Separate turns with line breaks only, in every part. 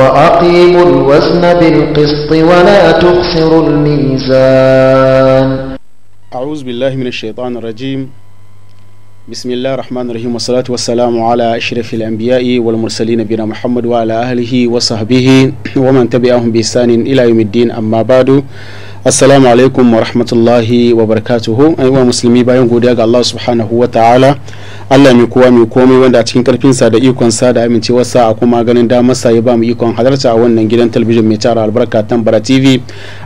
وأقيموا الوزن بالقسط ولا تخسروا
الميزان أعوذ بالله من الشيطان الرجيم بسم الله الرحمن الرحيم والصلاة والسلام على أشرف الأنبياء والمرسلين بنا محمد وعلى أهله وصحبه ومن تبعهم بإحسان إلى يوم الدين أما بعد السلام عليكم ورحمة الله وبركاته أيها المسلمين بايون musulmi الله سبحانه وتعالى Allah mai kowa mai komai wanda a cikin karfinsa da ikonsa da amincewarsa a kuma ganin damarsa ya ba mu ikon halarta a wannan gidan talabijin mai tara albarka tambara TV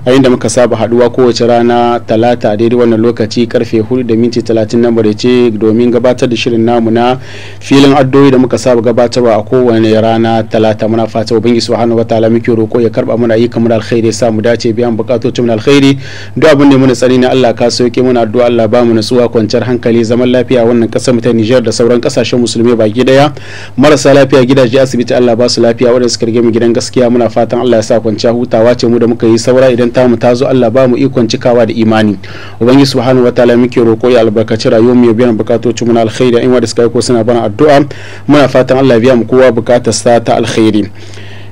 a inda muka saba haduwa kowace rana talata a daidai wannan lokaci karfe 4 da minti 30 na ce domin gabatar da shirin namu na filin addoyi da muka saba gabatarwa a kowane rana talata muna fata ubangiji subhanahu ta'ala muke roko ya karba mana ayyukan mu alkhairi sa mu dace biyan bukatocin mu alkhairi duk abin da mun tsani na Allah ka soke muna addu'a Allah ba mu nutsuwa kwanciyar hankali zaman lafiya wannan kasar mu Nijar da sauran kasashen musulmi baki daya marasa lafiya gidaje asibiti Allah ba su lafiya wanda suka rige mu gidan gaskiya muna fatan Allah ya sa kwanciya hutawa ce mu da muka yi saura idan tamu ta zo Allah ba mu ikon cikawa da imani ubangiji subhanahu wataala muke roko ya albarkaci rayuwar mu ya biya bukatocin mu na alkhairi in wanda suka yi ko suna bana addu'a muna fatan Allah ya biya mu kowa bukatar sa ta alkhairi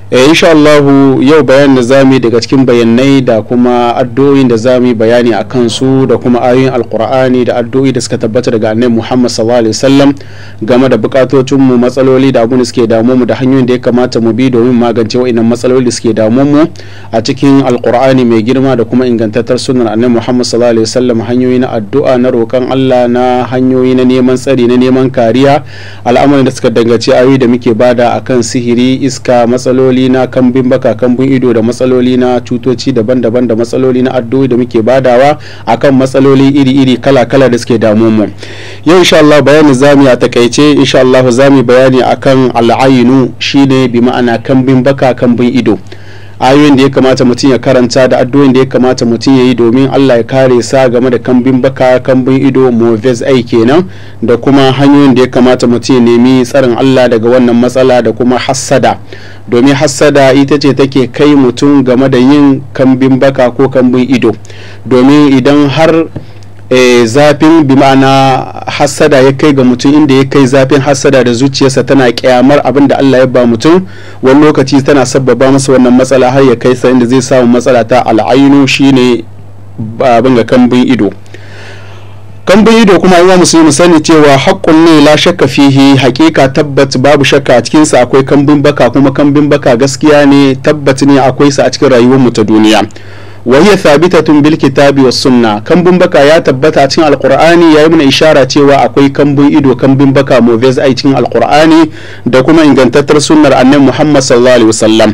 Eh, insha Allahu yau bayanin da zamu daga cikin bayanai da kuma addu'o'in da zamu bayani a kansu da kuma ayoyin alkur'ani da addu'o'i da suka tabbata daga annabi Muhammad sallallahu alaihi wasallam game da bukatocin mu matsaloli da abun da suke damu mu da hanyoyin da ya kamata mu bi domin magance wa'annan matsaloli da suke damu mu a cikin alkur'ani mai girma da kuma ingantattar sunnar annabi Muhammad sallallahu alaihi wasallam hanyoyi na addu'a na roƙon Allah na hanyoyi na neman tsari na neman kariya al'amarin da suka dangace ayoyi da muke bada akan sihiri iska matsaloli matsaloli na kambin baka kambin ido da matsaloli na cutoci daban-daban da matsaloli na addu'o'i da muke badawa akan matsaloli iri-iri kala-kala da suke damu mu yau insha Allah bayani zamu a takaice insha Allah zamu bayani akan al'ayinu shine bi ma'ana kambin baka kambin ido ayoyin da ya kamata mutum ya karanta da addu'o'in da ya kamata mutum ya yi domin Allah ya kare sa game da kambin baka kambin ido moves ai kenan da kuma hanyoyin da ya kamata mutum ya nemi tsarin Allah daga wannan matsala da kuma hassada domin hassada ita ce take kai mutum game da yin kambin baka ko kambin ido domin idan har e, zafin ma'ana hassada ya kai ga mutum inda ya kai zafin hassada da zuciyarsa tana kyamar abin da Allah ya ba mutum wani lokaci tana sabbaba masa wannan matsala har ya kai sa inda zai samu matsala ta al'ainu shine abin ga kambin ido kambin ido kuma yawa musu mu sani cewa haƙƙun ne la shakka fihi haƙiƙa tabbat babu shakka a cikinsa akwai kambin baka kuma kambin baka gaskiya ne tabbat ne akwai sa a cikin rayuwar mu ta duniya wa hiya thabitatun bil kitabi was sunna kambun baka ya tabbata cikin alqur'ani yayi mana ishara cewa akwai kambun ido kambun baka moves ai cikin alqur'ani da kuma ingantattar sunnar annabi Muhammad sallallahu alaihi wasallam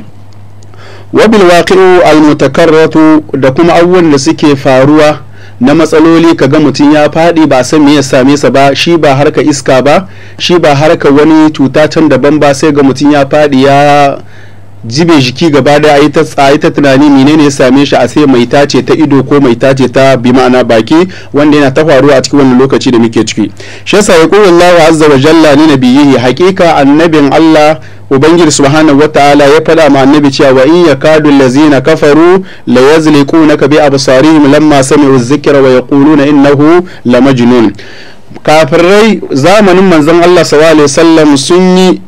wabil waqi'u al mutakarratu da kuma abubuwan da suke faruwa na matsaloli kaga mutum ya faɗi ba san me ya same sa ba shi ba harka iska ba shi ba harka wani cuta can daban ba sai ga mutum ya faɗi ya jibe jiki gaba daya yi ta ta tunani menene ya same shi a sai mai tace ta ido ko mai tace ta bi ma'ana baki wanda yana ta faruwa a cikin wannan lokaci da muke ciki shi yasa ya kullu Allahu azza wa jalla ni nabiyhi haqiqa annabin Allah ubangiji subhanahu wataala ya faɗa ma annabi cewa wa in yakadu allazina kafaru la yazliqunaka bi absarihim lamma sami'u dhikra wa yaquluna innahu lamajnun kafirai zamanin manzon Allah sallallahu alaihi wasallam sun yi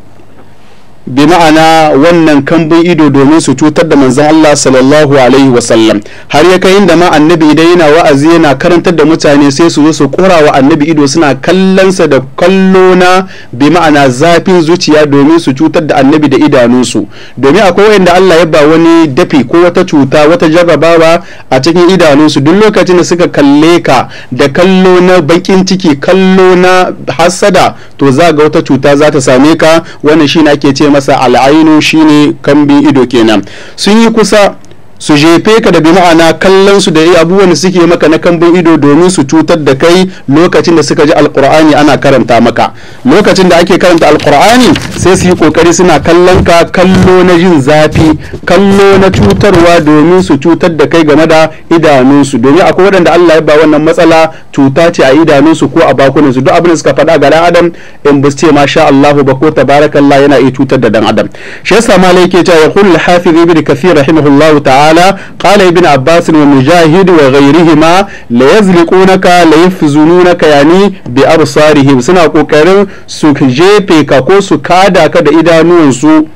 bi ma'ana wannan kambun ido domin su cutar da manzon Allah sallallahu alaihi wasallam har ya kai inda ma annabi idan yana wa'azi yana karantar da mutane sai su zo su kura wa annabi ido suna kallonsa da kallo na bi ma'ana zafin zuciya domin su cutar da annabi da idanunsu domin akwai wanda Allah ya ba wani dafi ko wata cuta wata jarrabawa a cikin idanunsu duk lokacin da suka kalle ka da kallo na bakin ciki kallo na hasada to za ga wata cuta za ta same ka wannan shine ake ce masa al'ainu shine kambin ido kenan sun yi kusa su jefe ka da bi ma'ana kallon su da eh, abubuwan suke maka na kambun ido domin su cutar da kai lokacin da suka ji alkur'ani ana karanta maka lokacin da ake karanta alkur'ani sai su yi kokari suna kallon ka kallo na jin zafi kallo na cutarwa domin su cutar da kai game da idanunsu domin akwai waɗanda Allah ya ba wannan matsala cuta ce a idanunsu ko a bakunansu duk abin da suka faɗa ga dan adam in ba ce masha Allahu ba ko tabarakallah yana iya cutar da dan adam shi yasa malai ke cewa yaqul al-hafiz ibn kathir rahimahullahu ta'ala ta'ala qala ibn abbas wa mujahid wa ghayrihima la yazliqunaka la yafzununaka yani bi absarihim suna kokarin su jefe ka ko su kada ka da idanuwansu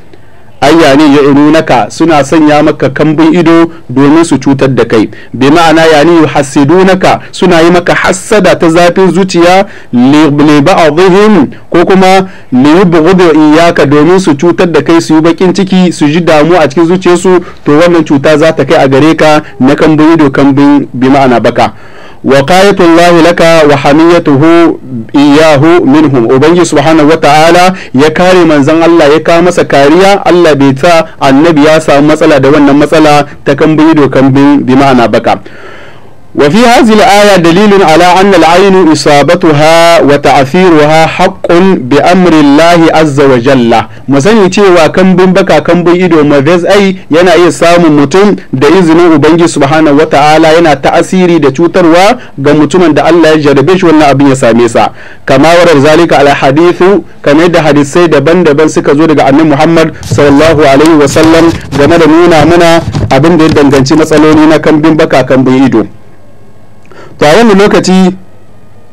ayya ne ya inunaka suna sanya maka kambun ido domin su cutar da kai bi ma'ana yani naka suna yi maka hassada ta zafin zuciya li ba'dihim ko kuma li yubghidu iyyaka domin su cutar da kai su yi bakin ciki su ji damu a cikin zuciyarsu to wannan cuta za ta kai a gare ka na kambun ido kambun bi ma'ana baka waqayatullahi laka wa hu iyahu minhum ubangiji subhanahu wataala ya kare manzon Allah ya kawo masa kariya Allah bai ta annabi ya samu matsala da wannan matsala ta kambin ido kambin bi ma'ana baka وفي هذه الآية دليل على أن العين إصابتها وتعثيرها حق بأمر الله عز وجل مسني cewa kambin baka kambun ido mavez ai yana iya samun mutum da izinin ubangi subhanahu wataala yana ta'asiri da cutarwa ga mutumin da Allah ya jarabe shi wannan abin ya same sa kama warar zalika al hadithu da hadisai daban-daban suka zo daga annabi Muhammad sallallahu alaihi game da nuna mana abin da ya danganci matsaloli na kambin baka kambun ido ta wani lokaci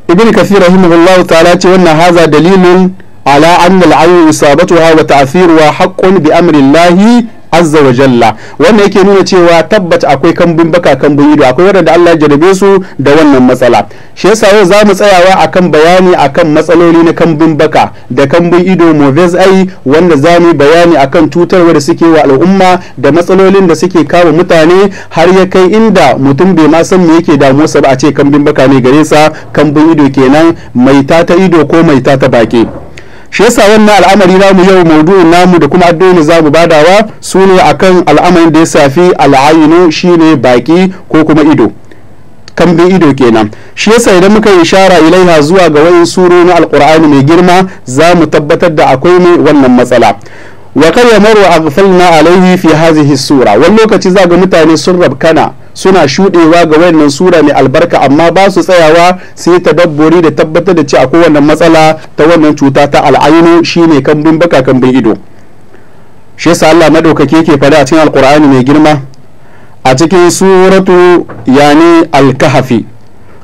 ibn kafir rahimahullahu ta'ala ce wannan haza dalilun ala anna al-ayn isabatuha wa ta'thiruha haqqun bi amri azza wa jalla wannan yake nuna cewa tabbata akwai kambun baka kambun ido akwai wanda Allah ya jarabe su da wannan matsala shi yasa yau za mu tsayawa akan bayani akan matsaloli na kambun baka da kambun ido moves ai wanda za mu bayani akan tutarwa da suke wa al'umma da matsalolin da suke kawo mutane har ya kai inda mutum bai ma san me yake damuwarsa ba a ce kambun baka ne gare sa kambun ido kenan mai ta ido ko mai ta ta shi yasa wannan al'amari namu yau maudu'in namu da kuma addu'o'in za mu badawa su ne akan al'amarin da ya safi al'ayinu shine baki ko kuma ido kambin ido kenan shi yasa idan muka yi ishara ilaiha zuwa ga wayin suro na alqur'ani mai girma za mu tabbatar da akwai ne wannan matsala wa kar yamaru aghfalna alayhi fi hadhihi sura wani lokaci za ga mutane sun rabkana suna shuɗewa ga wayannan sura mai albarka amma ba su tsayawa sai ta dabbori da tabbatar da cewa akwai wannan matsala ta wannan cuta ta al'ainu shine kambun baka kambin ido shi yasa Allah madaukake yake faɗa a cikin alqur'ani mai girma a cikin suratu yani al-kahfi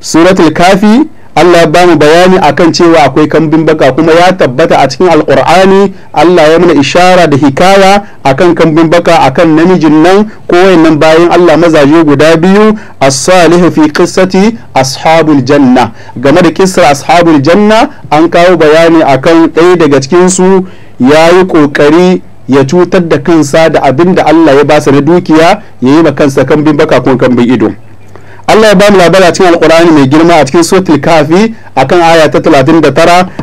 suratul kafi Allah ya bamu bayani akan cewa akwai kambin baka kuma ya tabbata a cikin alkur'ani Allah ya mana ishara da hikaya akan kambin baka akan namijin nan ko wayannan bayan Allah mazaje guda biyu as-salihu fi qissati ashabul janna game da kissar ashabul janna an kawo bayani akan ɗaya daga cikin su yayi kokari ya cutar da kansa da abinda Allah ya basa na dukiya yayi ma kansa kambin baka ko kambin ido Allah ya bamu labari a cikin alkur'ani mai girma a cikin suratul kafi akan aya ta 39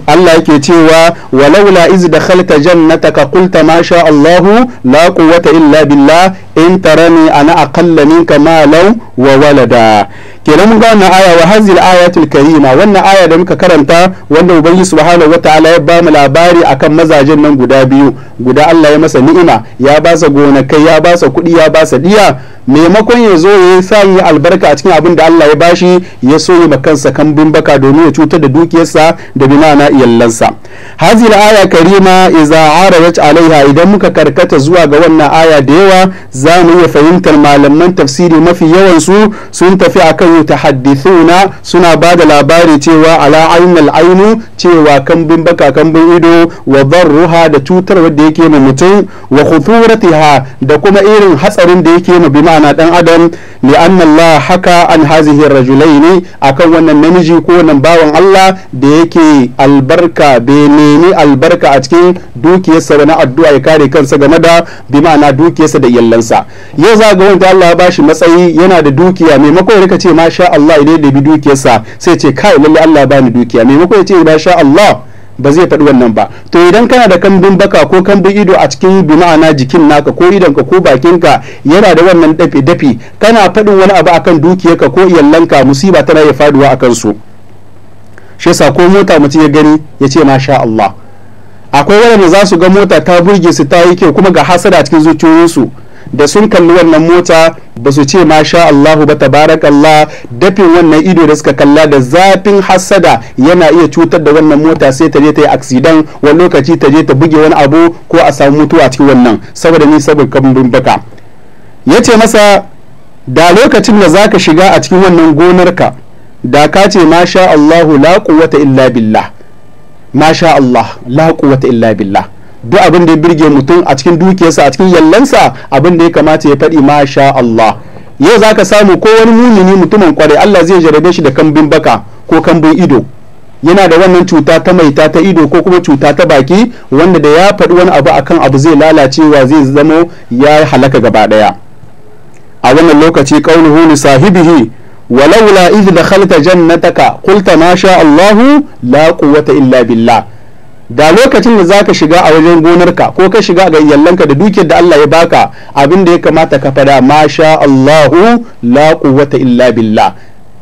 Allah yake cewa walaula iz dakhalta jannataka qulta ma sha Allah la quwwata illa billah in tarani ana aqalla minka malan wa walada kenan mun ga wannan aya wa hazil ayatul karima wannan aya da muka karanta wanda ubangiji subhanahu wataala ya ba mu labari akan mazajen nan guda biyu guda Allah ya masa ni'ima ya ba sa gonakai ya ba sa kuɗi ya ba sa diya maimakon ya zo ya sa yi albarka a cikin abin da Allah ya bashi ya so yi kansa kambin baka domin ya cutar da dukiyarsa da binana iyallansa hazil aya karima iza aradat alaiha idan muka karkata zuwa ga wannan aya da yawa za mu iya fahimtar malaman tafsiri mafi yawan su sun tafi akan yutahaddithuna suna ba da labari cewa ala ainal ainu cewa kambin baka kambin ido wa darruha da cutar wadda yake ma mutum wa khuturatiha da kuma irin hatsarin da yake ma bima'ana dan adam li anna Allah haka an hazihi rajulaini akan wannan namiji ko wannan bawan Allah da yake albarka be nemi albarka a cikin dukiyarsa na addu'a ya kare kansa game da bima'ana dukiyarsa da iyallansa ya zaga wanda Allah ya bashi matsayi yana da dukiya maimakon rika ce masha Allah ya da bi dukiyarsa sai ce kai lalle Allah bani dukiya maimakon ya ce masha Allah ba zai faɗi wannan ba to idan kana da kambin baka ko kambin ido a cikin bi ma'ana jikin naka ko idonka ko bakinka yana da wannan dafe dafi kana faɗin wani abu akan dukiyarka ko iyallanka musiba tana ya faduwa akan su shi yasa ko mota mutum ya gani ya ce masha Allah akwai waɗanda za su ga mota ta burge su ta yi kyau kuma ga hasada cikin zuciyoyinsu da sun kalli wannan mota ba su ce masha Allahu ba tabarakallah dafin wannan ido da suka kalla da zafin hassada yana iya cutar da wannan mota sai ta je ta yi aksidan wani lokaci ta je ta buge wani abu ko a samu mutuwa cikin wannan saboda ni saboda kambun baka ya ce masa da lokacin da zaka shiga a cikin wannan gonarka da ka ce masha Allahu la quwwata illa billah masha Allah la quwwata illa billah duk abin da ya birge mutum a cikin dukiyarsa a cikin yallansa abin da ya kamata ya faɗi masha Allah yau za ka samu ko wani mumini mutumin kwarai Allah zai jarabe shi da kambin baka ko kambin ido yana da wannan cuta ta maita ta ido ko kuma cuta ta baki wanda da ya faɗi wani abu akan abu zai lalacewa zai zamo ya halaka gaba ɗaya a wannan lokaci qauluhu li sahibihi walaula idh dakhalta jannataka qulta ma sha Allahu la quwwata illa billah da lokacin da zaka shiga a wajen gonarka ko ka shiga ga yallanka da dukiyar da Allah ya baka abin da ya kamata ka fada masha Allahu la quwwata illa billah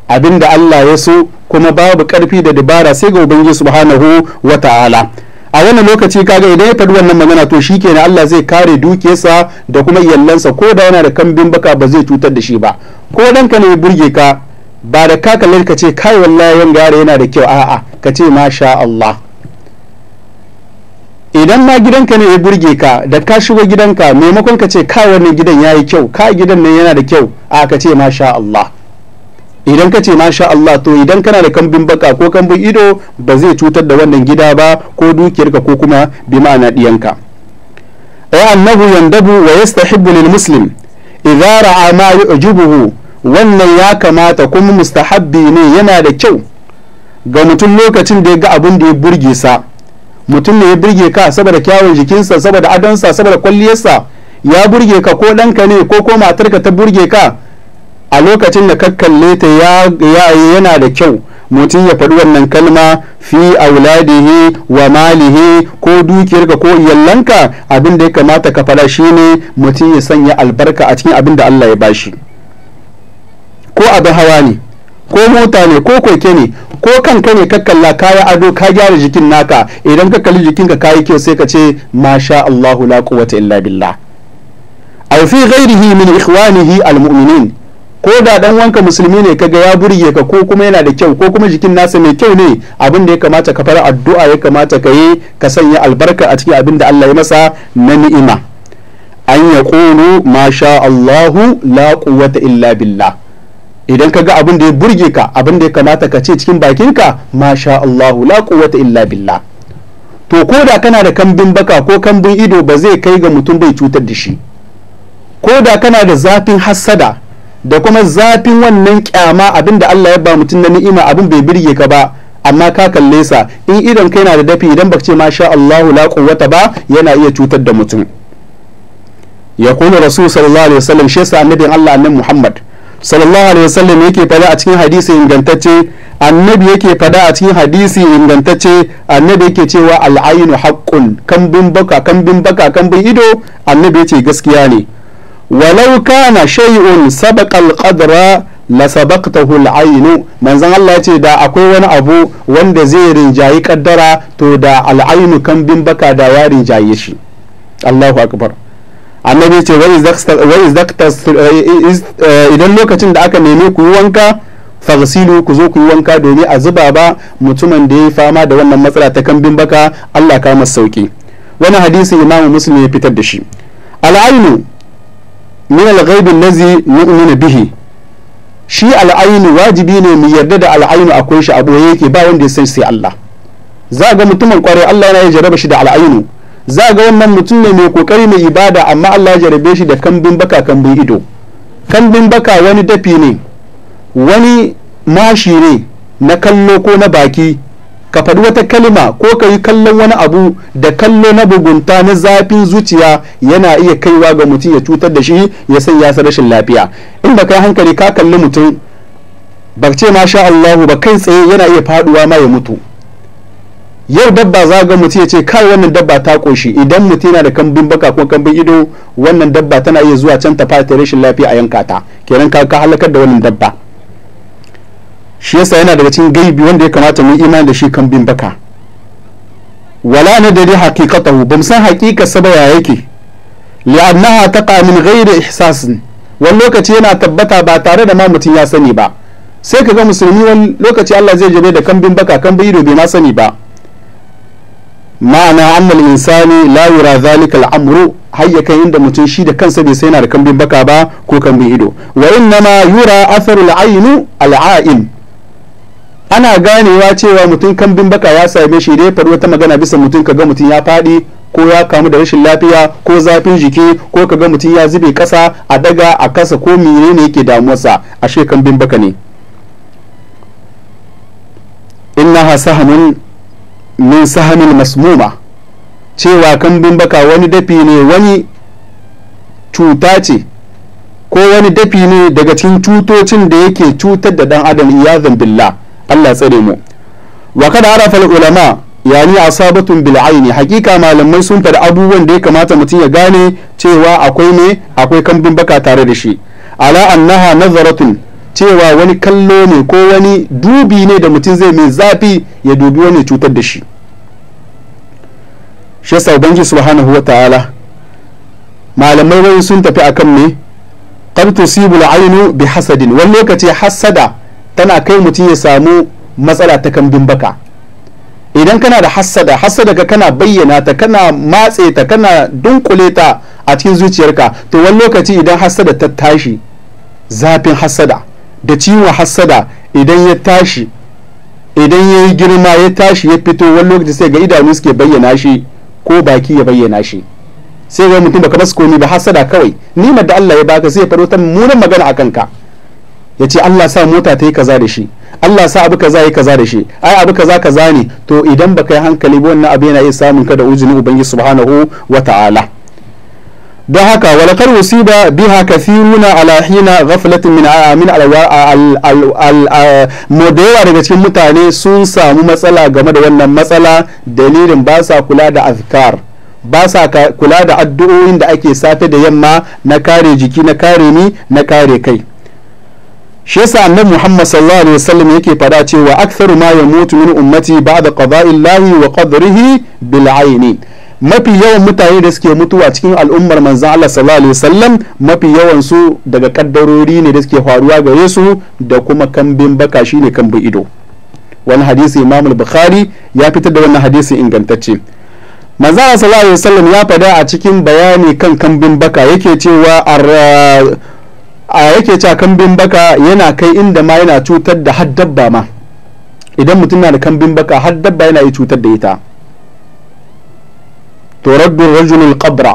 abin da Allah ya so kuma babu karfi da dabara sai ga ubangiji subhanahu wa ta'ala a wannan lokaci kaga idan ya faɗi wannan magana to shi kenan Allah zai kare dukiyarsa da kuma iyallansa ko da yana da kambin baka ba zai cutar da shi ba ko ka ne ya burge ka ba da ka kalle ka ce kai wallahi yan gare yana da kyau a'a ka ce masha Allah idan ma gidanka ne ya burge ka da ka shigo gidanka maimakon ka ce ka wannan gidan ya yi kyau ka gidan nan yana da kyau a ka ce masha Allah idan ka ce masha Allah to idan kana da kambin baka ko kambin ido ba zai cutar da wannan gida ba ko dukiyarka ko kuma bi ma'ana diyanka ay annahu yandabu wa yastahibbu lil muslim idza ra'a ma yu'jibuhu wannan ya kamata kuma mustahabbi ne yana da kyau ga mutum lokacin da ya ga abin da ya burge sa mutum ne ya birge ka saboda kyawun jikinsa saboda adonsa saboda kwalliyarsa ya burge ka ko ɗanka ne ko ko matarka ta burge ka a lokacin da ka kalle ta yana da kyau mutum ya faɗi wannan kalma fi auladihi wa malihi ko dukiyarka ko yallanka. abin da ya kamata ka faɗa ne mutum ya sanya albarka a cikin abin da Allah ya bashi ko abin hawa ne ko mota ne ko keke ne ko kanka ne kakkalla kaya ado ka gyara jikin naka idan ka kalli jikin ka kayi kyau sai ka ce masha Allahu la quwwata illa billah aw fi ghairihi min ikhwanihi almu'minin ko da dan wanka musulmi ne kaga ya burge ka ko kuma yana da kyau ko kuma jikin nasa mai kyau ne abin da ya kamata ka fara addu'a ya kamata ka yi ka sanya albarka a cikin abin da Allah ya masa na ni'ima an yaqulu masha Allahu la quwwata illa billah idan ka ga abin da ya burge ka abin da ya kamata ka ce cikin bakinka masha Allahu la quwwata illa billah to ko da kana da kambin baka ko kambin ido ba zai kai ga mutum bai cutar da shi ko da kana da zafin hassada da kuma zafin wannan kyama abin da Allah ya ba mutum na ni'ima abin bai birge ka ba amma ka kalle sa in idan kai na da dafi idan baka ce masha Allahu la quwwata ba yana iya cutar da mutum ya kuma rasul sallallahu alaihi wasallam shi sa annabin Allah annabi Muhammad sallallahu alaihi wasallam yake fada a cikin hadisi ingantacce annabi yake fada a cikin hadisi ingantacce annabi yake cewa al'ainu haqqun kambin baka kambin baka kambin ido annabi yace gaskiya ne walau kana shay'un sabaqa al-qadra la sabaqtahu al-ainu manzon Allah yace da akwai wani abu wanda zai rinjayi kaddara to da al'ainu kambin baka da ya rinjaye shi Allahu akbar annabi ce eh, eh, idan lokacin da aka nemi ku yi wanka fagsilu ku zo ku yi wanka domin a zuba ba mutumin da ya yi fama da wannan matsala ta kambin baka Allah ka masa sauki wani hadisi imamu muslim ya fitar da shi al'ainu min al-ghaib allazi nu'minu bihi shi al'ainu wajibi ne mu yarda da al'ainu akwai shi a boye yake ba wanda ya san sai Allah za ga mutumin kware Allah yana yin jaraba shi da al'ainu za ga wannan mutum ne mai kokari mai ibada amma Allah ya jarabe shi da kambin baka kambin ido kambin baka wani dafi ne wani mashi ne na kallo ko na baki ka faɗi wata kalima ko ka yi kallon wani abu da kallo na bugunta na zafin zuciya yana iya kaiwa ga mutum ya cutar da shi ya ya sa rashin lafiya in ba kai hankali ka kalli mutum ba ce masha Allahu ba kai tsaye yana iya faduwa ma ya mutu yau dabba za ga mutum ya ce kai wannan dabba ta koshi idan mutum yana da kambin baka ko kambin ido wannan dabba tana iya zuwa can ta fata rashin lafiya a yanka ta kenan ka ka halakar da wannan dabba shi yasa yana daga cikin gaibi wanda ya kamata mu imani da shi kambin baka wala na dare haqiqatahu bam san haqiqa saba ya yake li'annaha taqa min ghairi ihsasin wani lokaci yana tabbata ba tare da ma mutum ya sani ba sai ka ga musulmi wani lokaci Allah zai jabe da kambin baka kambin ido bai ma sani ba ma'ana annal insani la yura zalika al'amru hayyakan inda mutum shi da kansa bai sai yana da kambin baka ba ko kambin ido wa ma yura atharul aynu al'ain ana ganewa cewa mutum kambin baka ya same shi dai faru wata magana bisa mutum kaga mutum ya fadi ko ya kamu da rashin lafiya ko zafin jiki ko kaga mutum ya zube kasa a daga a kasa ko menene yake damuwarsa ashe kambin baka ne innaha sahanun min sahamin masmuma cewa kambin baka wani dafi ne wani cuta ce ko wani dafi ne daga cikin cutocin da yake cutar da dan adam iyazan billah Allah tsare mu wa kada arafa ulama yani asabatun bil aini hakika malamai sun faɗi abubuwan da ya kamata mutum ya gane cewa akwai ne akwai kambin baka tare da shi ala annaha nazaratun cewa wani kallo ne ko wani dubi ne da mutum zai mai zafi ya dubi wani cutar da shi shi yasa ubangiji subhanahu wata'ala malamai wani sun tafi akan me qad tusibu al bi hasadin wani lokaci hasada tana kai mutum ya samu matsala ta kambin baka idan kana da hassada hassada ka kana bayyana ta kana matse ta kana dunkule ta a cikin zuciyarka to wani lokaci idan hassada ta tashi zafin hassada da ciwon hassada idan ya tashi idan ya yi girma ya tashi ya fito wani lokaci sai ga idanu suke bayyana shi ko baki ya bayyana shi sai ga mutum baka basu komi ba hasada kawai nimar da Allah ya baka sai ya faɗo ta mummunan magana a kanka. ya ce Allah sa mota ta yi kaza da shi Allah sa abu kaza yi kaza da shi ai abu kaza kaza ne to idan baka yi hankali wannan abu yana iya samun ka da ujinin ubangiji subhanahu wa ta'ala don haka walakar musiba biha kathiruna ala hina ghaflatin min min mu da yawa daga cikin mutane sun samu matsala game da wannan matsala dalilin ba sa kula da azkar ba sa kula da addu'o'in da ake safe da yamma na kare jiki na kare ni na kare kai shi yasa annabi Muhammad sallallahu alaihi wasallam yake fada cewa aktharu ma yamutu min ummati ba'da qada'illahi wa qadrihi bil mafi yawan mutane da suke mutuwa cikin al'ummar manzan Allah sallallahu alaihi wasallam mafi yawan su daga kaddarori ne da suke faruwa gare su da kuma kambin baka shine kambin ido wani hadisi Imam Bukhari ya fitar da wannan hadisi ingantacce manzan Allah sallallahu alaihi wasallam ya fada a cikin bayani kan kambin baka yake cewa a yake cewa kambin baka yana kai inda ma yana cutar da har dabba ma idan mutum na da kambin baka har dabba yana yi cutar da ita turaddu rajulu alqabra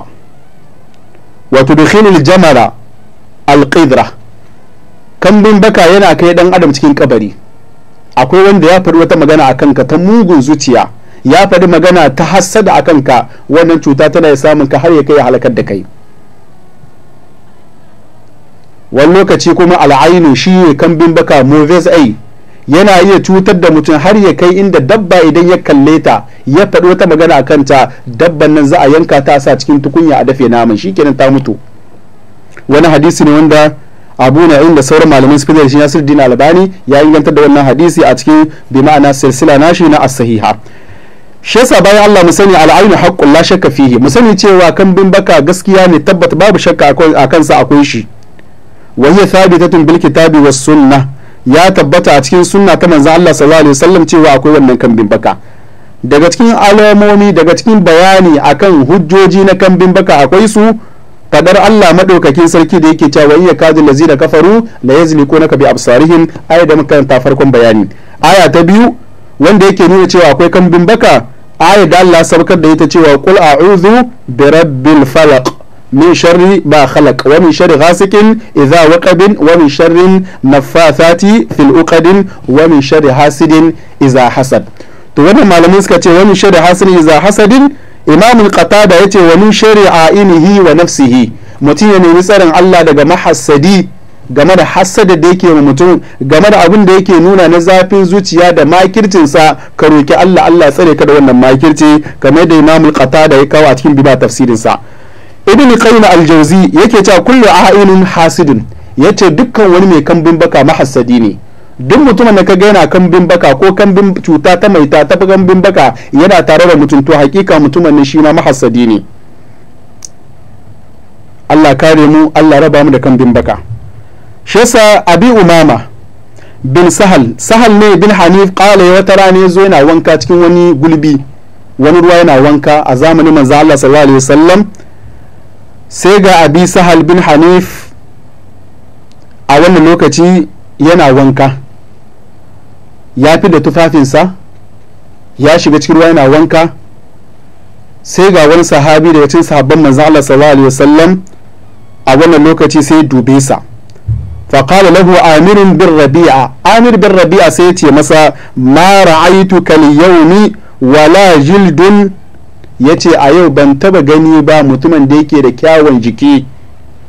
wa tudkhilu aljamala alqidra kambin baka yana kai ɗan adam cikin kabari akwai wanda ya faɗi wata magana a kanka ta mugun zuciya ya faɗi magana ta hassada a kanka wannan cuta tana samun ka har ya kai halakar da kai wani lokaci kuma al'ainu shi ne kambin baka moves a yana iya cutar da mutum har ya kai inda dabba idan ya kalle ta ya faɗi wata magana a kanta dabban nan za a yanka ta sa cikin tukunya a dafe naman shi kenan ta mutu wani hadisi ne wanda abu na inda sauran malamin su zai shi na albani ya ingantar da wannan hadisi a cikin bi ma'ana silsila nashi na as-sahiha shi yasa bayan Allah mu sani al'ainu haqqul la shakka fihi mu sani cewa kan bin baka gaskiya ne tabbata babu shakka a kansa akwai shi wa hiya thabitatun bil kitabi wasu sunnah ya tabbata a cikin sunna ta manzo Allah sallallahu alaihi wasallam cewa akwai wannan kan bin baka daga cikin alamomi daga cikin bayani akan hujjoji na kambin baka akwai su kadar Allah madaukakin sarki da yake cewa iya kaji lazina kafaru la yazliku naka bi absarihim aya da muka ta farkon bayani aya ta biyu wanda yake nuna cewa akwai kambin baka aya da Allah sabkar da ita cewa qul a'udhu bi rabbil falaq min sharri ma khalaq wa min sharri ghasikin idha waqab wa min sharri naffathati fil uqad wa min sharri hasidin idha hasad to wannan malamin suka ce wani shari'a hasadin za hasadin imamin qatada yace wani shari inihi wa nafsihi mutum ya nemi tsarin Allah daga mahassadi game da hasada da yake mutum game da abin da yake nuna na zafin zuciya da makircinsa ka roki Allah Allah tsare ka da wannan makirci kamar da imamul qatada ya kawo a cikin biba tafsirinsa ibn qayyim al-jawzi yake cewa kullu a'inun ya yace dukkan wani mai kambin baka mahassadi ne duk mutumin da kaga yana kan bin baka ko kan bin cuta ta mai ta kan bin baka yana tare da mutum to hakika mutumin ne shi ma mahassadi ne Allah kare mu Allah raba mu da kan bin baka shi yasa abi umama bin sahal sahal ne bin hanif qala ya wata rana zo yana wanka cikin wani gulbi wani ruwa yana wanka a zamanin manzo Allah sallallahu alaihi wasallam sai ga abi sahal bin hanif a wannan lokaci yana wanka ya fi da tufafinsa ya shiga cikin ruwa yana wanka sai ga wani sahabi daga cikin sahabban manzo Allah sallallahu alaihi wasallam a wannan lokaci sai dube sa fa qala lahu amir bin rabi'a amir bin rabi'a sai ce masa ma ra'aytuka al-yawmi wala jildun yace a yau ban taba gani ba mutumin da yake da kyawun jiki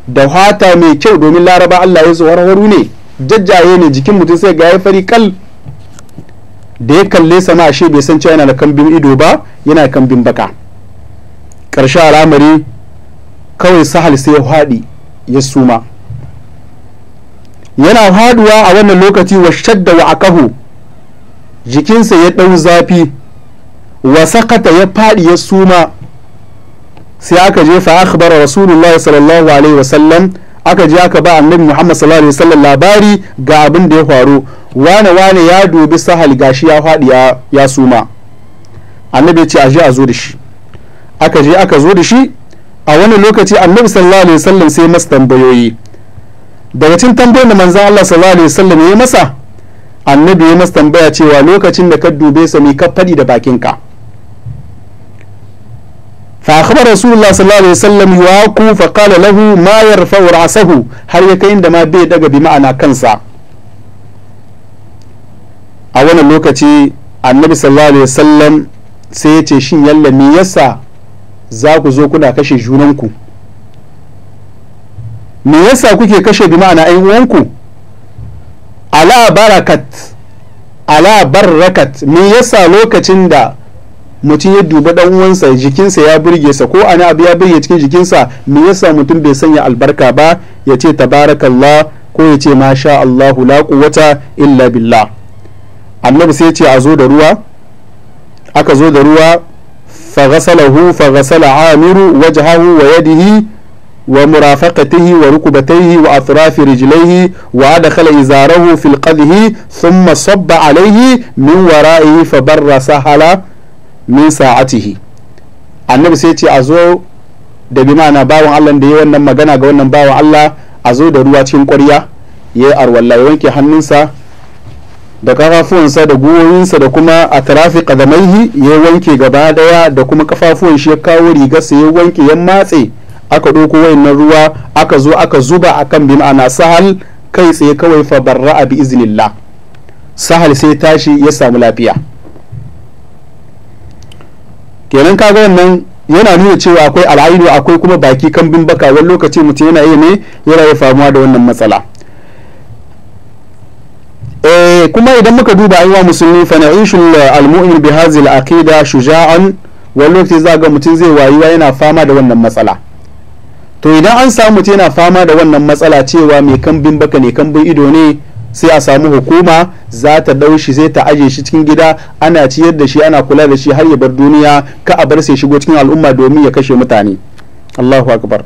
da hata mai kyau domin laraba Allah ya zuwa ne jajjaye ne jikin mutum sai ga ya fari kal da ya kalle sama ashe bai san cewa yana da kambin ido ba yana kambin baka ƙarshe al'amari kawai sahal sai ya haɗi ya suma yana haɗuwa a wannan lokaci wa shadda wa akahu jikinsa ya ɗau zafi wa sakata ya faɗi ya suma sai aka je fa akhbara rasulullah sallallahu alaihi wasallam aka je aka ba annabi muhammad sallallahu alaihi wasallam labari ga abin da ya faru wane wane ya dubi sahal gashi ya faɗi ya suma annabi ce a je a zo da shi aka je aka zo da shi a wani lokaci annabi sallallahu alaihi wasallam sai masa tambayoyi daga cikin tambayoyin da manzon Allah sallallahu alaihi wasallam ya masa annabi ya masa tambaya cewa lokacin da ka dube sa me ka faɗi da bakinka fa akhbar rasulullah sallallahu alaihi wasallam yuwaku fa qala lahu ma yarfa'u ra'sahu har ya kai inda ma bai daga bi ma'ana kansa a wani lokaci annabi sallallahu alaihi wasallam sai ya ce shin yalla me yasa za ku zo kuna kashe junanku me yasa kuke kashe bi ma'ana ayin uwanku ala barakat ala barakat me yasa lokacin da mutum ya duba dan uwansa jikinsa ya burge sa ko ana abu ya burge cikin jikinsa me yasa mutum bai sanya albarka ba ya ce tabarakallah ko ya ce masha Allahu la quwwata illa billah annabi sai ce a zo da ruwa aka zo da ruwa faghasalahu faghasala amiru wajhahu wa yadihi wa murafaqatihi wa rukubatayhi wa atrafi rijlaihi wa adkhala izarahu fil qadhi thumma sabba alayhi min wara'ihi fabarra sahala min sa'atihi annabi sai ce a zo da bi ma'ana bawan Allah da ya wannan magana ga wannan bawan Allah a zo da ruwa cikin ƙwarya ya yi wanke hannunsa da kafafuwansa da guwoyinsa da kuma a tarafi kadamaihi ya wanke gaba daya da kuma kafafuwan shi ya kawo rigarsa ya wanke ya matse aka ɗauko wayannan ruwa aka zo aka zuba akan bi ma'ana sahal kai tsaye kawai fa barra bi iznillah sahal sai tashi ya samu lafiya kenan ka kaga wannan yana nuna cewa akwai al'adu akwai kuma baki kan baka wani lokaci mutum yana iya ne yana ya famuwa da wannan matsala eh kuma idan muka duba ayyuwa musulmi fa in almu'min bi hadhihi al-aqida shuja'an wani lokaci za ga mutum zai wayuwa yana fama da wannan matsala to idan an samu mutum yana fama da wannan matsala cewa mai kambin baka ne kambin ido ne sai a samu hukuma za ta dau shi sai ta aje shi cikin gida ana ciyar da shi ana kula da shi har ya bar duniya ka a bar sai shigo cikin al'umma domin ya kashe mutane Allahu akbar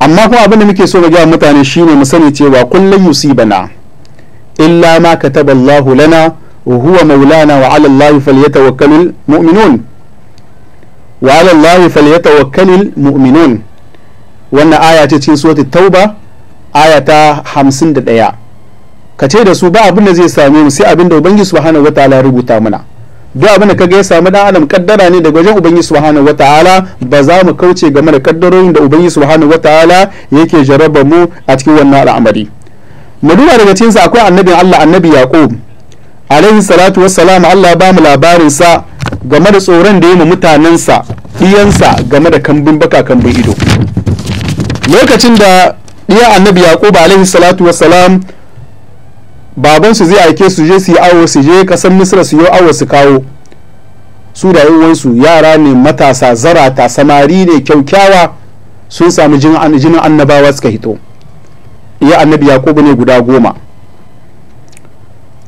amma kuma abin da muke so ga mutane shine mu sani cewa yusi yusibana illa ma kataba Allahu lana wa huwa maulana wa ala Allahi falyatawakkalul mu'minun wa ala Allahi falyatawakkalul mu'minun wannan aya ce cikin suratul tauba aya ta 51 ka ce da su ba abin da zai same mu sai abin da ubangiji subhanahu wataala ya rubuta mana duk abin da kaga ya samu dan adam kaddara ne daga wajen ubangiji subhanahu wataala ba za mu kauce game da kaddarorin da ubangiji subhanahu wataala yake jarraba mu a cikin wannan al'amari mu duba daga cikin sa akwai annabin Allah annabi Yaqub alaihi salatu wassalam Allah ba mu labarin sa game da tsoron da ya mu mutanensa iyansa game da kambin baka kambin ido lokacin da ɗiya annabi yaqub alaihi salatu wassalam su zai aike su je su yi awo su je kasan misra su yi awo su kawo su da su yara ne matasa zarata samari ne kyaukyawa sun samu jinin annabawa suka hito ya annabi yakubu ne guda goma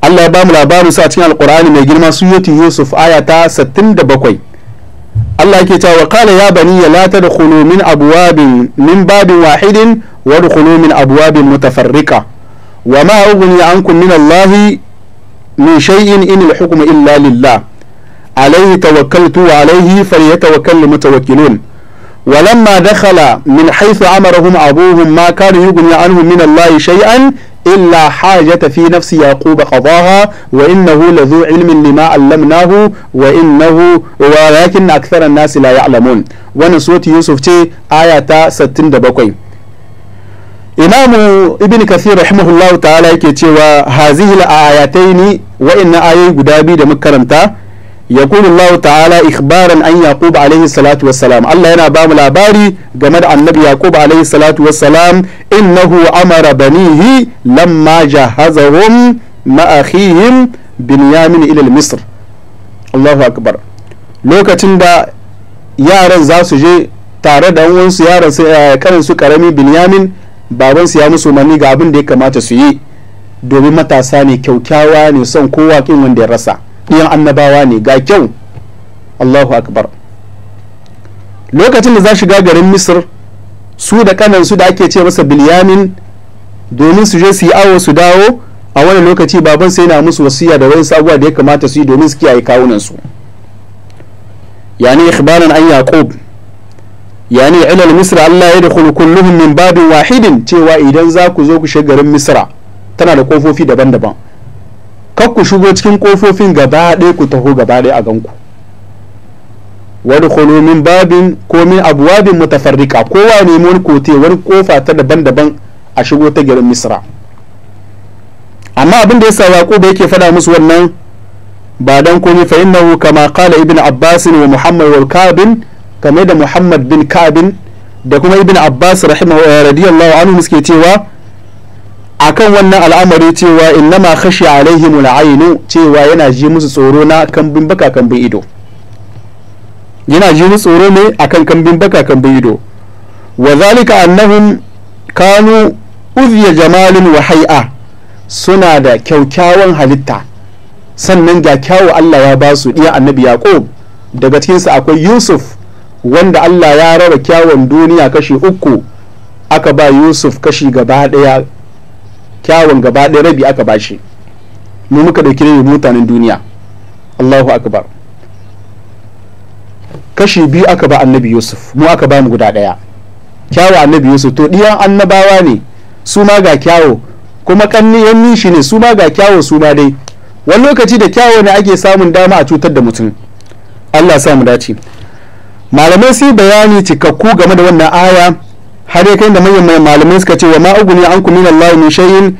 Allah ya bamu labarin su a cikin alkur'ani mai girma suyoti yusuf aya ta 67 Allah ke cewa qala ya bani la tadkhulu min abwabin min babin wahidin wa dkhulu min abwabin mutafarrika wa ma ughni ankum min Allah min shay'in in al-hukmu illa lillah alayhi tawakkaltu wa alayhi falyatawakkalul mutawakkilun ولما دخل من حيث أمرهم أبوهم ما كان يغني عنهم من الله شيئا إلا حاجة في نفس يعقوب قضاها وإنه لذو علم لما علمناه وإنه ولكن أكثر الناس لا يعلمون ونسوة يوسف تي آية 67 imamu ibn kathir rahimahullahu ta'ala yake cewa hazihil ayataini wa'inna ayoyi guda biyu da muka karanta يقول الله تعالى إخبارا عن يعقوب عليه الصلاة والسلام الله ينا بام لاباري جمد عن النبي يعقوب عليه الصلاة والسلام إنه أمر بنيه لما جهزهم مع أخيهم بنيامين lokacin da yaran zasu je tare da wansu yaran karin su karami binyamin babansu ya musu umarni ga abin da ya kamata su yi domin matasa ne kyaukyawa ne son kowa kin wanda ya rasa yan annabawa ne ga kyau Allahu akbar lokacin da za shiga garin misir su da su da ake ce masa bilyamin domin su je su yi awo su dawo a wani lokaci baban sai na musu wasiya da wani sabuwa da ya kamata su yi domin su kiyaye kawunan su yani ikhbaran an yaqub yani ilal misr Allah ya dakhulu kulluhum min babin wahidin cewa idan za ku zo ku shiga garin misra tana da kofofi daban-daban kar ku shigo cikin kofofin gaba ɗaya ku taho gaba ɗaya a ganku wani min babin ko min abwabin mutafarrika kowa ne wani kote wani kofa ta daban-daban a shigo ta garin misra amma abin da ya sa yaqub yake faɗa musu wannan ba dan komai fa innahu kama qala ibn abbas wa muhammad wal kabin kamar da muhammad bin kabin da kuma ibn abbas rahimahu eh, radiyallahu anhu muske cewa akan wannan al'amari cewa innama khashi alaihim ainu cewa yana ji musu tsoro na kambin baka kambin ido yana ji musu tsoro ne akan kambin baka kambin ido wa zalika annahum kanu udhiya jamalin wa hay'a suna da kyaukyawan halitta sannan ga kyawu Allah ya basu su iya annabi yaqub daga cikinsa akwai yusuf wanda Allah ya raba kyawun duniya kashi uku aka ba yusuf kashi gaba daya kyawun gaba ɗaya rabi aka bashi mu muka ɗauki rabi mutanen duniya Allahu akbar kashi biyu aka ba annabi Yusuf mu aka ba mu guda ɗaya kyawu annabi Yusuf to ɗiyan annabawa ne su ma ga kyawu? kuma ƙanni yan nishi ne su ma ga kyawu su ma dai wani lokaci da kyawu ne ake samun dama a cutar da mutum Allah sa mu dace malamai sai bayani cikakku game da wannan aya har ya kai da manyan malamai suka ce wa ma uguni an ku minallahi min shay'in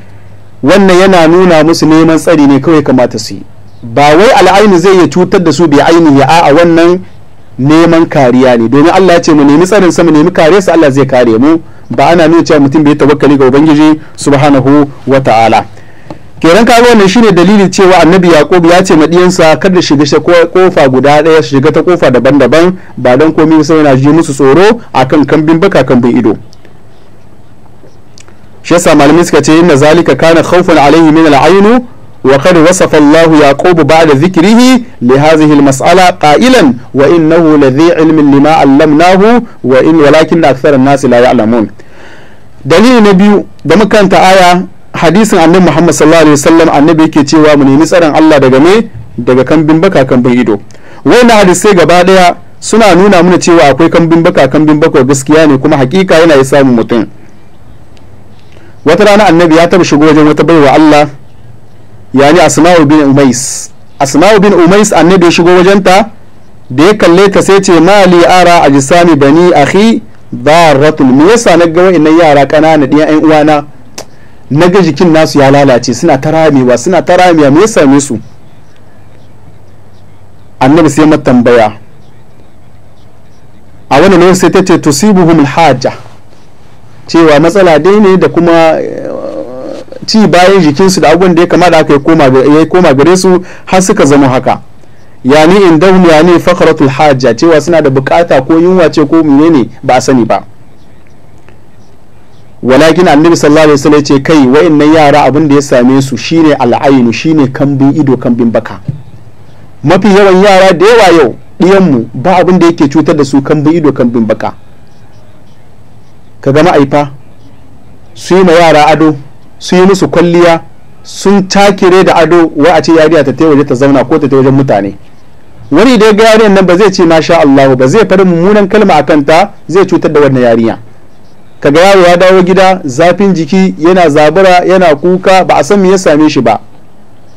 wannan yana nuna musu neman tsari ne kawai kamata su yi ba wai al'aini zai iya cutar da su bi aini ya a wannan neman kariya ne domin Allah ya ce mu nemi tsarin sama nemi kariya sa Allah zai kare mu ba ana nuna cewa mutum bai tawakkali ga ubangiji subhanahu wa ta'ala kenan kaga wannan shine dalilin cewa annabi yaqub ya ce madiyansa kar da shiga kofa guda daya shiga ta kofa daban-daban ba dan komai sai yana ji musu tsoro akan kambin baka kambin ido shi yasa malamin suka ce inna zalika kana khawfan alayhi min al-ayn wa qad wasafa Allah yaqub ba'da dhikrihi li hadhihi al-mas'ala qailan wa innahu ladhi ilmin lima 'allamnahu wa in walakin akthara an-nasi la ya'lamun dalili na biyu da makanta aya hadisin annabi Muhammad sallallahu alaihi wasallam annabi yake cewa mu nemi tsaron Allah daga me daga kambin baka kambin ido wannan hadisai gaba daya suna nuna mana cewa akwai kambin baka kambin baka gaskiya ne kuma hakika yana yi samun mutum wata rana annabi ya taba shigo wajen wata baiwa Allah yani asma'u bin umais asma'u bin umais annabi ya shigo wajenta da ya kalle ta sai ce mali ara ajisami bani akhi daratul me yasa na ga wa'annan yara kanana diyan ayyuwana uwana na ga jikin nasu ya lalace suna ta ramewa suna ta ramewa me ya same su annabi sai matambaya a wani ne sai ta ce tusibuhum alhaja cewa matsala dai ne da kuma eh, ci bayan jikinsu da abun da ya kama da aka ya koma gare su har suka zama haka yani indahum yani fakratul haja cewa suna da bukata ko yunwa ce ko menene ba a sani ba walakin annabi sallallahu alaihi wasallam ce kai wayannan yara abin da ya same su shine al'ainu shine kambin ido kambin baka mafi yawan yara da yawa yau mu ba abin da yake cutar da su kambin ido kambin baka ka ga ma'aifa su yi ma yara ado su yi musu kwalliya sun takire da ado wai a ce yariya ta waje ta zauna ko ta wajen mutane wani da ya ga yariyan nan ba zai ce masha Allah ba zai fara mummunan kalma akan ta zai cutar da wannan yarinya kaga yaro ya dawo gida zafin jiki yana zabura yana kuka ba a san me ya same shi ba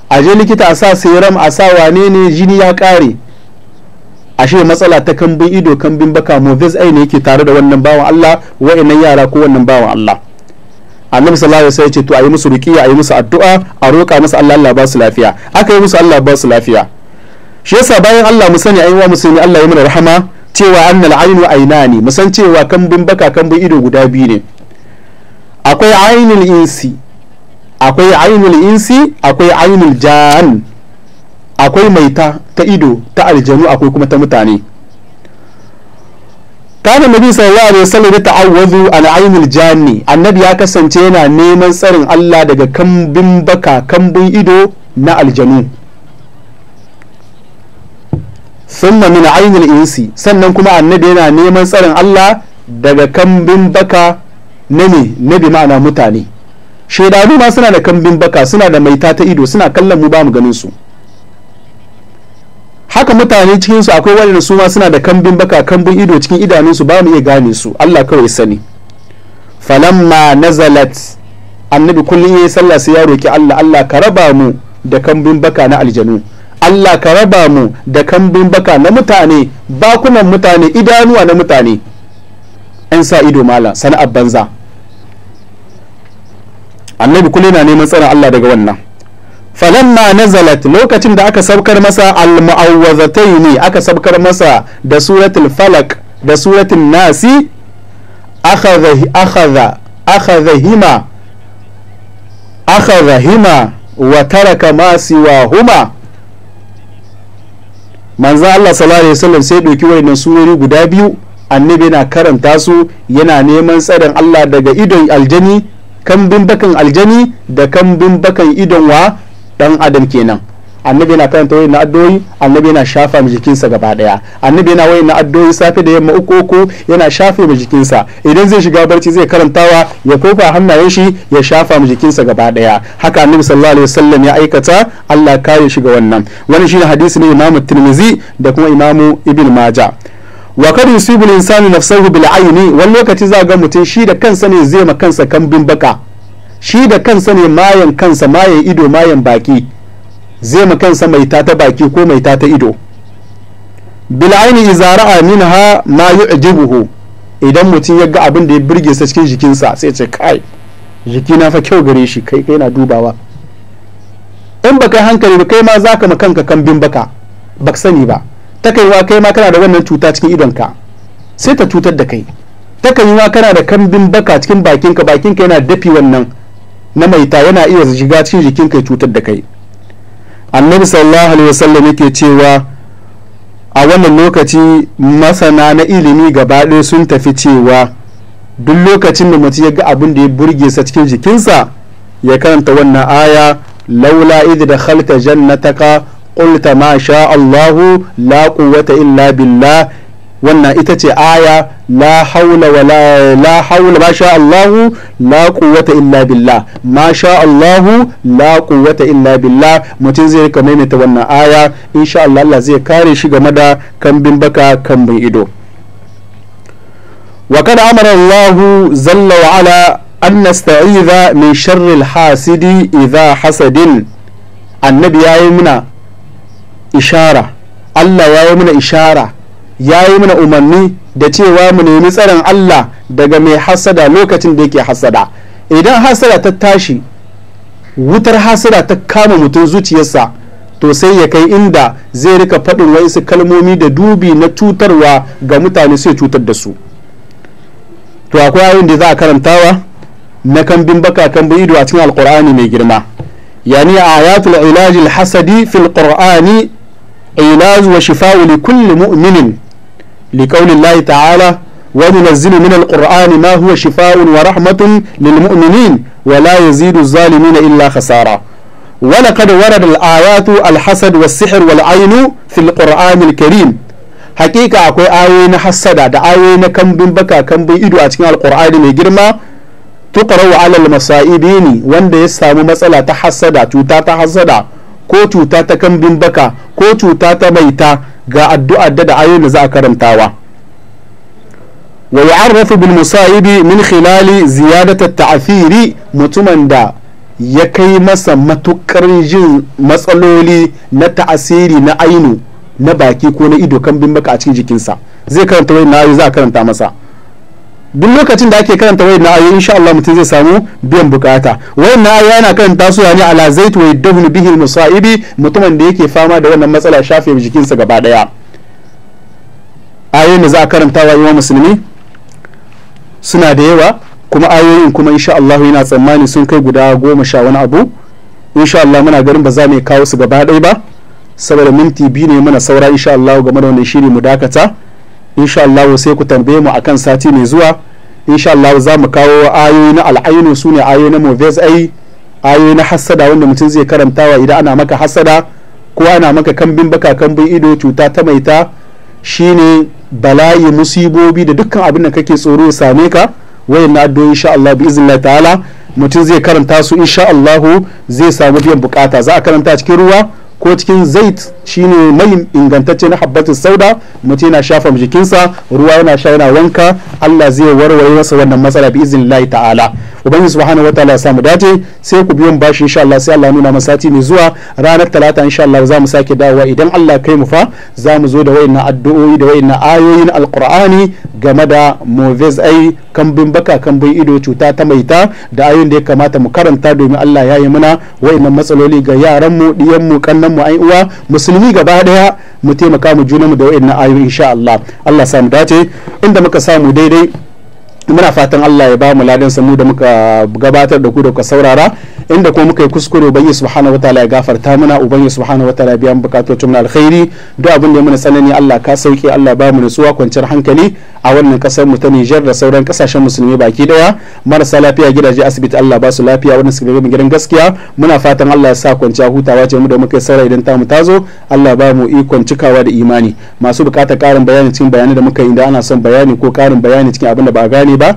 a je likita a sa serum a sa wane ne jini ya kare ashe matsala ta kambin ido kambin baka movies ai ne yake tare da wannan bawan Allah wa'annan yara ko wannan bawan Allah annabi sallallahu alaihi wasallam ya ce to ayi musu ruqiya ayi musu addu'a a roƙa musu Allah Allah ba su lafiya aka yi musu Allah ba su lafiya shi yasa bayan Allah mu sani ayi wa musulmi Allah ya mana rahama cewa annal ainu aina ne musan cewa kambin baka kambin ido guda biyu ne akwai ainul insi akwai ainul insi akwai ainul jan akwai mai ta ido ta aljanu akwai kuma ta mutane kana nabi sallallahu alaihi wasallam da ta'awwazu an ainul janni annabi ya kasance yana neman tsarin Allah daga kambin baka kambin ido na aljanu summa min ainil insi sannan kuma annabi yana neman tsarin Allah daga kambin baka na ne na bi ma'ana mutane shaidanu ma suna da kambin baka suna da maita ta ido suna kallon mu ba mu ganin su haka mutane cikin su akwai wani su ma suna da kambin baka kambin ido cikin idanunsu ba mu iya gane su Allah kawai sani falamma nazalat annabi kullum yayi sallah sai ya roki Allah Allah ka raba mu da kambin baka na aljanu Allah ka raba mu da kambin baka na mutane bakunan mutane idanuwa na mutane yan sa mala sana'ar banza annabi kula na neman tsarin Allah daga wannan falamma nazalat lokacin da aka saukar masa almu'awwazatai ne aka saukar masa da suratul falak da suratul nasi akhadha hima wa taraka ma siwa huma manzo Allah sallallahu alaihi wasallam sai ɗauki wayannan surori guda biyu annabi yana karanta su yana neman tsarin Allah daga idon aljani kambin bakan aljani da kambin bakan idon wa dan adam kenan annabi yana karanta na addu'o'i annabi yana shafa mu jikinsa gaba daya annabi yana na addu'o'i safe da yamma uku uku yana shafe mu jikinsa idan zai shiga barci zai karantawa ya kofa hannayen shi ya shafa mu jikinsa gaba daya haka annabi sallallahu alaihi wasallam ya aikata Allah kare shi ga wannan wani shine hadisi ne imamu Tirmidhi da kuma imamu Ibn Majah wa kad yusibu al-insanu nafsahu bil ayni wani lokaci za ga mutum shi da kansa ne zai ma kansa kambin baka shi da kansa ne mayan kansa mayan ido mayan baki zai ma kansa mai ta ta baki ko mai ta ta ido bil'aini izara'a minha ma yu'jibuhu idan mutum ya ga abin da ya birge sa cikin jikinsa sai ce kai jiki na fa kyau gare shi kai kai na dubawa in ba kai hankali ba kai ma zaka ma kanka kambin baka baka sani ba takaiwa kai ma kana da wannan cuta cikin idonka sai ta cutar da kai Ta wa kana da kambin baka cikin bakinka bakinka yana dafi wannan na maita yana iya shiga cikin jikinka ya cutar da kai annabi sallallahu alaihi wasallam yake cewa a wannan lokaci masana na ilimi gaba ɗaya sun tafi cewa duk lokacin da mutum ya ga abin da ya burge sa cikin jikinsa ya karanta wannan aya laula idh dakhalta jannataka qulta ma sha Allahu la quwwata illa billah wannan ita ce aya la haula wa la haula ma sha Allahu la quwwata illa billah ma sha Allahu la quwwata illa billah mutum zai rika maimaita wannan aya insha Allah Allah zai kare shi game da kambin baka kambin ido wa kada amara Allah zalla wa ala an nasta'iza min sharril hasidi idha hasadin annabi yayi muna ishara Allah yayi muna ishara ya yi mana umarni da cewa mu nemi tsaron Allah daga mai hasada lokacin da yake hasada idan hasada ta tashi wutar hasada ta kama mutum zuciyarsa to sai ya kai inda zai rika faɗin su kalmomi da dubi na cutarwa ga mutane sai cutar da su to akwai ayoyin da za a karantawa na kambin baka kambin ido a cikin alkur'ani mai girma yani ayatul ilajil hasadi fil qur'ani ilaz wa shifa'u li kulli mu'minin liƙaunin lahi ta'ala wani nazzilu min alƙur'ani ma huwa shifa'un wa rahmatun lil mu'minin wa la yazidu zalimina illa khasara ولقد ورد الآيات الحسد والسحر والعين في القرآن الكريم hakika akwai ayoyi na hassada da ayoyi na kambin baka kambin ido a cikin alkur'ani mai girma tuqra'u alal masaibini wanda ya samu matsala ta hassada cuta ta hassada ko cuta ta kambin baka ko cuta ta maita ga addu'a da da ayoyin da za a karantawa wa ya'arrafu bil musa'ibi min khilali ziyadata ta'thiri mutumin da ya kai masa matukar jin matsaloli na ta'asiri na ainu na baki ko na ido kan bin a cikin jikinsa zai karanta wani na za a karanta masa duk lokacin da ake karanta wayan na'ayi insha Allah mutum zai samu biyan bukata wayan na'ayi yana karanta su ne ala zaitu wa yadhnu bihi musaibi mutumin da yake fama da wannan matsala shafe jikinsa gaba daya ayoyin da za a karanta wa imam musulmi suna da yawa kuma ayoyin kuma insha Allah yana tsammani sun kai guda goma sha wani abu insha Allah muna garin ba za mu kawo su gaba ɗaya ba saboda minti biyu ne mana saura insha Allah game da wannan shiri mu dakata insha Allah sai ku tambaye mu akan sati mai zuwa insha Allah za mu kawo ayoyi na al'ainu su ne ayoyi na moves ai ayoyi na hassada wanda mutum zai karantawa idan ana maka hassada ko ana maka kambin baka kambin ido cuta ta maita shine bala'i musibobi da dukkan abin da kake tsoro ya same ka wayan na addu'o insha Allah bi iznillah ta'ala mutum zai karanta su insha Allah zai samu biyan bukata za a karanta cikin ruwa ko cikin zait shine mai ingantacce na habbatin sauda mutum yana shafa jikinsa ruwa yana sha yana wanka Allah zai warware masa wannan matsala bi Allah ta'ala ubangiji subhanahu wataala ya samu dace sai ku biyo bashi insha Allah sai Allah nuna masa sati mai zuwa ranar talata insha Allah za mu sake dawowa idan Allah kai mu fa za mu zo da wayannan addu'o'i da wayannan ayoyin alqur'ani game da movies ai kambin baka kambin ido cuta ta maita da ayoyin da ya kamata mu karanta domin Allah ya yi muna wayannan matsaloli ga yaran mu diyan mu kannan mu ayi uwa musulmi gaba daya mu taimaka mu juna mu da na ayo insha Allah Allah samu dace inda muka samu daidai muna fatan Allah ya ba mu ladan samu da muka gabatar da ku da kuka saurara inda kuma muka yi kuskure ubangi subhanahu wataala ya gafarta mana ubangi subhanahu wataala ya biya mu bukatocin mu alkhairi duk abin da ya muna tsanani Allah ka sauke Allah ba mu nutsuwa kwanciyar hankali a wannan kasar mu ta Niger da sauran kasashen musulmi baki daya marasa lafiya gidaje asibiti Allah ba su lafiya wannan suka mu gidan gaskiya muna fatan Allah ya sa kwanciya hutawa ce mu da muka saura idan ta ta tazo Allah ba mu ikon cikawa da imani masu bukatar karin bayani cikin bayani da muka yi da ana son bayani ko karin bayani cikin abin da ba gane ba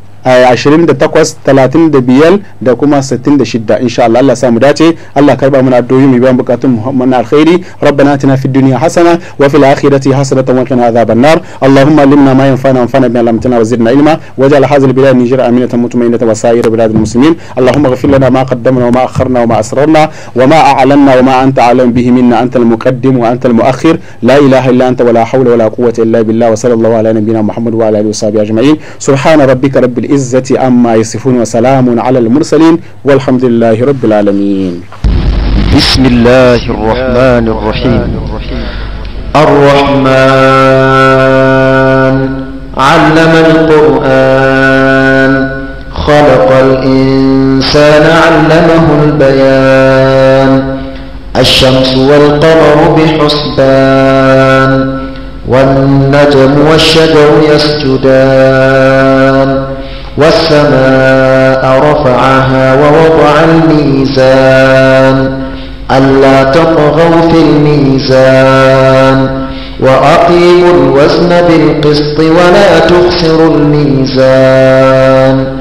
20 da 8 30 da 5 da kuma 66 insha Allah Allah ya samu dace Allah karba mana addu'o'i mu biyan bukatun mana alkhairi rabbana atina fid dunya hasana wa fil akhirati hasanatan wa qina adhaban nar allahumma limna ma yanfa'una wa wanfa'na bima lam tana wa zidna ilma waj'al hadhihi albilad nijra aminatan mutmainatan wa sa'ira bilad muslimin allahumma ighfir lana ma qaddamna wa ma akharna wa ma asrarna wa ma a'lanna wa ma anta 'alam bihi minna anta al muqaddim wa anta al mu'akhir la ilaha illa anta wa la hawla wa la quwwata illa billah wa sallallahu ala nabiyyina muhammad wa ala alihi wa sahbihi ajma'in subhana rabbika rabbil العزة عما يصفون وسلام على المرسلين والحمد لله رب العالمين بسم الله الرحمن الرحيم الرحمن
علم القرآن خلق الإنسان علمه البيان الشمس والقمر بحسبان والنجم والشجر يسجدان والسماء رفعها ووضع الميزان ألا تطغوا في الميزان وأقيموا الوزن بالقسط ولا تخسروا الميزان